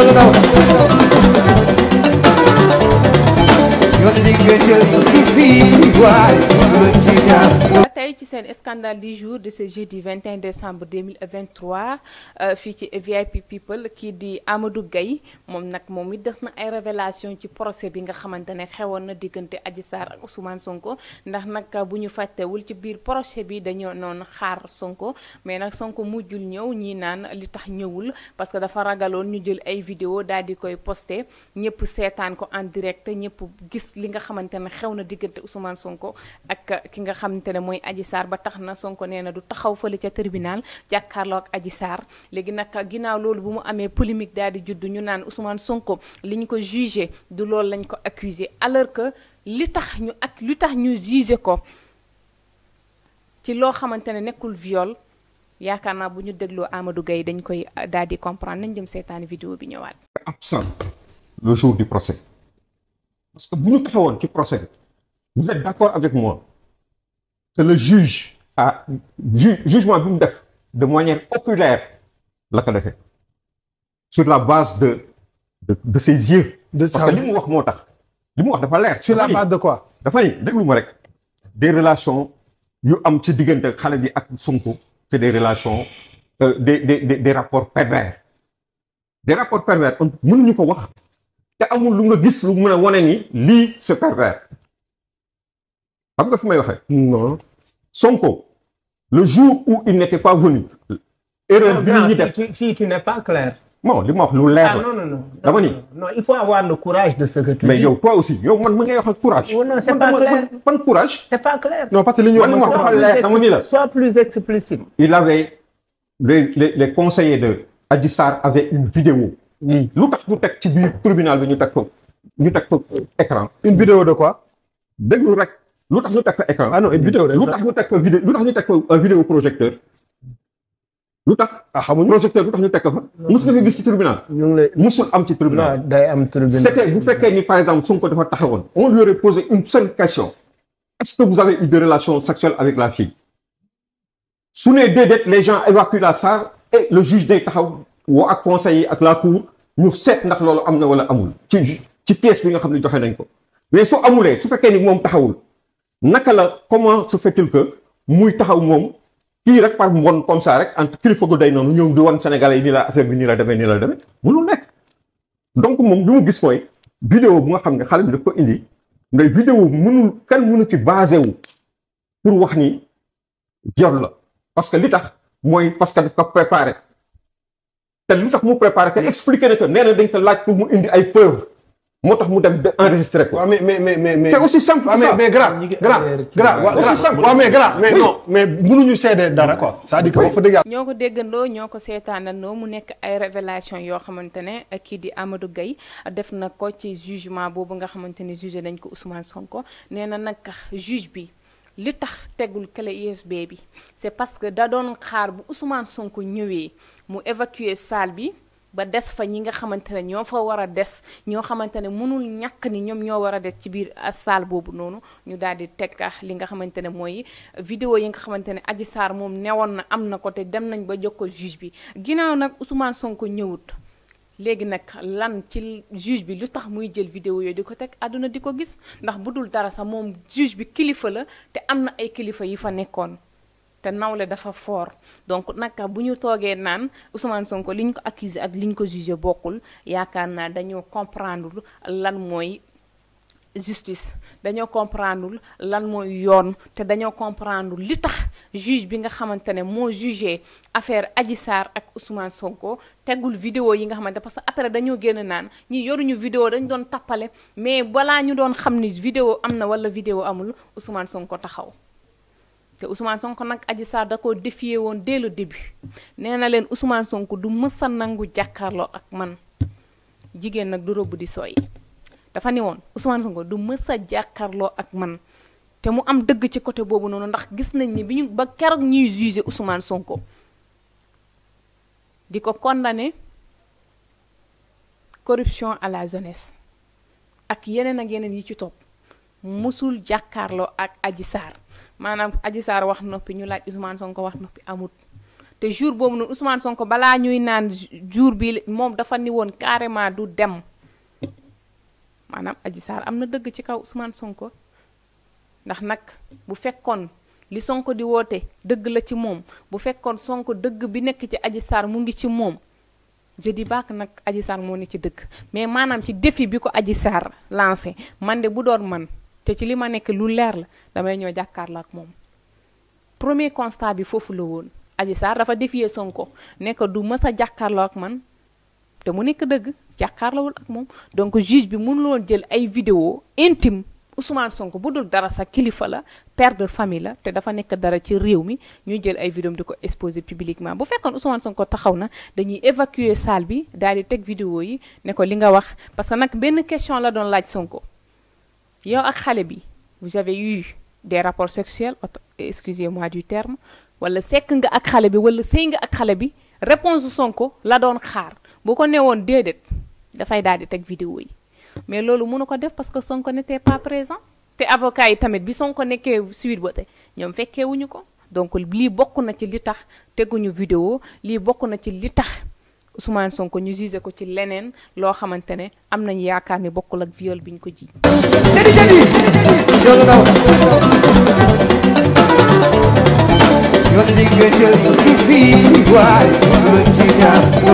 doon daw yoon liggéey jëriñ li fii waay tey ci seen scandale du jour de ce jeudi 21 décembre 2023 euh, fii ci VIP people kii di Amadou Gaye moom nag moom it def na ay révélation ci procès bi nga xamante ne xewoon na diggante Adji Sarr ak Ousmane Sonko ndax nag bu ñu fàttewul ci biir procès bi dañoo noon xaar Sonko mais nag Sonko mujjul ñëw ñii naan li tax ñëwul parce que dafa ragaloon ñu jël ay vidéo daal di koy posté ñëpp seetaan ko en direct ñëpp gis li nga xamante ne xew na diggante Ousmane Sonko ak. ak ki nga xamante ne mooy aji saar ba tax na Sonko nee na du taxaw fële ca tribunal jàkkaarloo ak aji Sarr léegi nag ginnaaw loolu bu mu amee polémique daal di juddu ñu naan Ousmane Sonko li ñu ko jugé du loolu lañ ko accusé alors que li tax ñu ak li tax ñu jugé ko ci loo xamante ne nekkul viol yaakaar naa bu ñu dégloo Amadou Gaye dañ koy dal di comprendre nañ dem seetaan vidéo bi ñëwaat. absent le parce que bu ñu taxawoon ci procès vous êtes d'accord avec moi. que le juge a ju jugement de, de manière oculaire la ko sur la base de de de ses yeux. de parce que li mu wax moo tax li sur la base de quoi. dafa ni déglu ma rek des relations yu am ci diggante xalé bi ak Sonko c'est des relations euh, des des des rapports pervers des rapports pervers On ñu ko wax te amul lu nga gis lu mën woné wane ni li c'est pervers xam nga fi may non Sonko. le jour où il n'était pas venu. erreur bi ñu def non si tu n'es pas clair. non li ma wax lu leer la. Ah, non non non dama ni. non il faut avoir le courage de se que mais yow toi aussi yow man mi ngay wax courage. Oh, non c'est pas clair man courage. c'est pas clair. non parce que li ñu wax man leer la. sois plus explicite. il avait les les conseillers de Adi Sarr avaient une vidéo. lu tax ñu teg ci biir tribunal bi ñu teg ko ñu teg ko écran. une vidéo de quoi. déglu rek lu tax ñu teg écran ah non vidéo lu tax ñu teg vidéo lu tax ñu teg un vidéo projecteur lu ah xamuñu projecteur lu tax ñu teg fa mos nga fi gis ci tribunal ñu ngi lay mosul am ci tribunal day am tribunal c'était bu fekkee ni par exemple ko dafa taxawoon on lui aurait posé une seule question est-ce que vous avez eu des relations sexuelles avec la fille su ne déedéet les gens évacuent la salle et le juge day taxaw woo ak conseil ak la cour ñu seet ndax loolu am na wala amul ci ci pièce bi nga xam ne joxe nañ ko mais su amulee su fekkee ni moom taxawul naka la comment su fait-il que muy taxaw moom kii rek par mbon comme ça rek entre kilifa gu day noonu ñëw di wan Sénégalais yi nii la affaire bi nii la demee nii la demee mënul nekk donc moom li mu gis mooy vidéo bu nga xam ne xale bi daf ko indi ngay vidéo mënul kan mënu ci basé wu pour wax ni jot la parce que li tax mooy parce que daf ko préparé te li tax mu préparé que expliqué na que nee na dañ ko laaj pour mu indi ay preuve moo tax mu dem enregistré ko. waaw mais mais mais mais. c'est aussi simple que ça mais mais grand. grand grand mais grand mais non mais mënuñu seede dara quoi. c'est-à-dire que wax fa dëgg ko déggandoo ñoo ko seetaanandoo mu nekk ay révélation yoo xamante ne kii di Amadou Gueye def na ko ci jugement boobu nga xamante ne jugé nañ ko Ousmane Sonko nee na nag juge bi. li tax tegul clé USB bi c'est parce que da doon xaar bu Ousmane sonk ñëwee mu évacuer salle bi ba des fa ñi nga xamante ne ñoo fa war a des ñoo xamante ne mënul ñàkk ni ñoom ñoo war a des ci biir euh, salle boobu noonu ñu daal di teg euh, li nga xamante ne mooy vidéo yi nga xamante ne Adji moom newoon na am na ko te dem nañ ba jokkoo juge bi ginnaaw nag Ousmane sonk ñëwut léegi nag lan ci juge bi lu tax muy jël vidéo yooyu di ko teg àdduna di ko gis ndax bu dul dara sax moom juge bi kilifa la te am na ay kilifa yi fa nekkoon te nawle dafa fort donc nag bu ñu toogee naan Ousmane Sonko li ko accusé ak li ñu ko jugé bokkul yaakaar naa dañoo comprendre lan mooy justice dañoo comprendre lan mooy yoon te dañoo comprendre li tax juge bi nga xamante ne moo jugé affaire aji Sarr ak Ousmane Sonko tegul vidéo yi nga xamante parce que après dañoo génn naan ñi yoruñu vidéo dañ doon tappale mais balaa ñu doon xam ni vidéo am na wala vidéo amul Ousmane Sonko taxaw te Ousmane Sonko nag Adji Sarr da koo défier woon dès le début nee na leen Ousmane Sonko du mës a nangu jàkkaarloo ak man jigéen nag du robb di sooy dafa ni woon Ousmane Sonko du mës a jàkkaarloo ak man te mu am dëgg ci côté boobu noonu ndax gis nañ ni bi ñu ba keroog ñuy jugé Ousmane Sonko di ko condamné corruption à la jeunesse ak yeneen ak yeneen yi ci topp mësul jàkkaarloo ak aji Sarr manam aji sar wax nopi ñu laaj Ousmane Sonko wax nopi amut te jour boobu noonu Ousmane Sonko bala ñuy naan jour bi mom dafa ni won carrément du dem manam aji sar am deug ci kaw Ousmane Sonko ndax nak bu fekkon li Sonko di wote deug la ci mom bu fekkon Sonko deug bi nek ci aji sar mu ngi ci mom je di bak nak aji sar mo ni ci deug mais manam ci défi bi ko Adji Sarr man de bu man te ci li ma lu leer la premier constat bi foofu la woon aji dafa défier Sonko du mësa que man te mu donc juge bi mënu jël ay vidéo intime Ousmane Sonko bu dara sa la père de famille la te dafa nekk dara vidéo exposer publiquement bu Ousmane Sonko évacuer salle bi di vidéo yi ne li nga wax parce que nag question la Sonko yow ak xale bi vous avez eu des rapports sexuels excusez-moi du terme wala sekk nga ak xale bi wala sëy nga ak xale bi réponse Sonko la doon xaar bu ko newoon déedéet dafay daal di teg vidéo yi mais loolu mënu ko def parce que Sonko n'était pas présent te avocat yi tamit bi Sonko nekkee suite ba te ñoom fekkeewuñu ko donc lii bokk na ci li tax teguñu vidéo lii bokk na ci li tax Ousmane Sonko ñu jugé ko ci leneen loo xamante ne am nañu yaakaar ni bokkul ak viol bi ñu ko ji.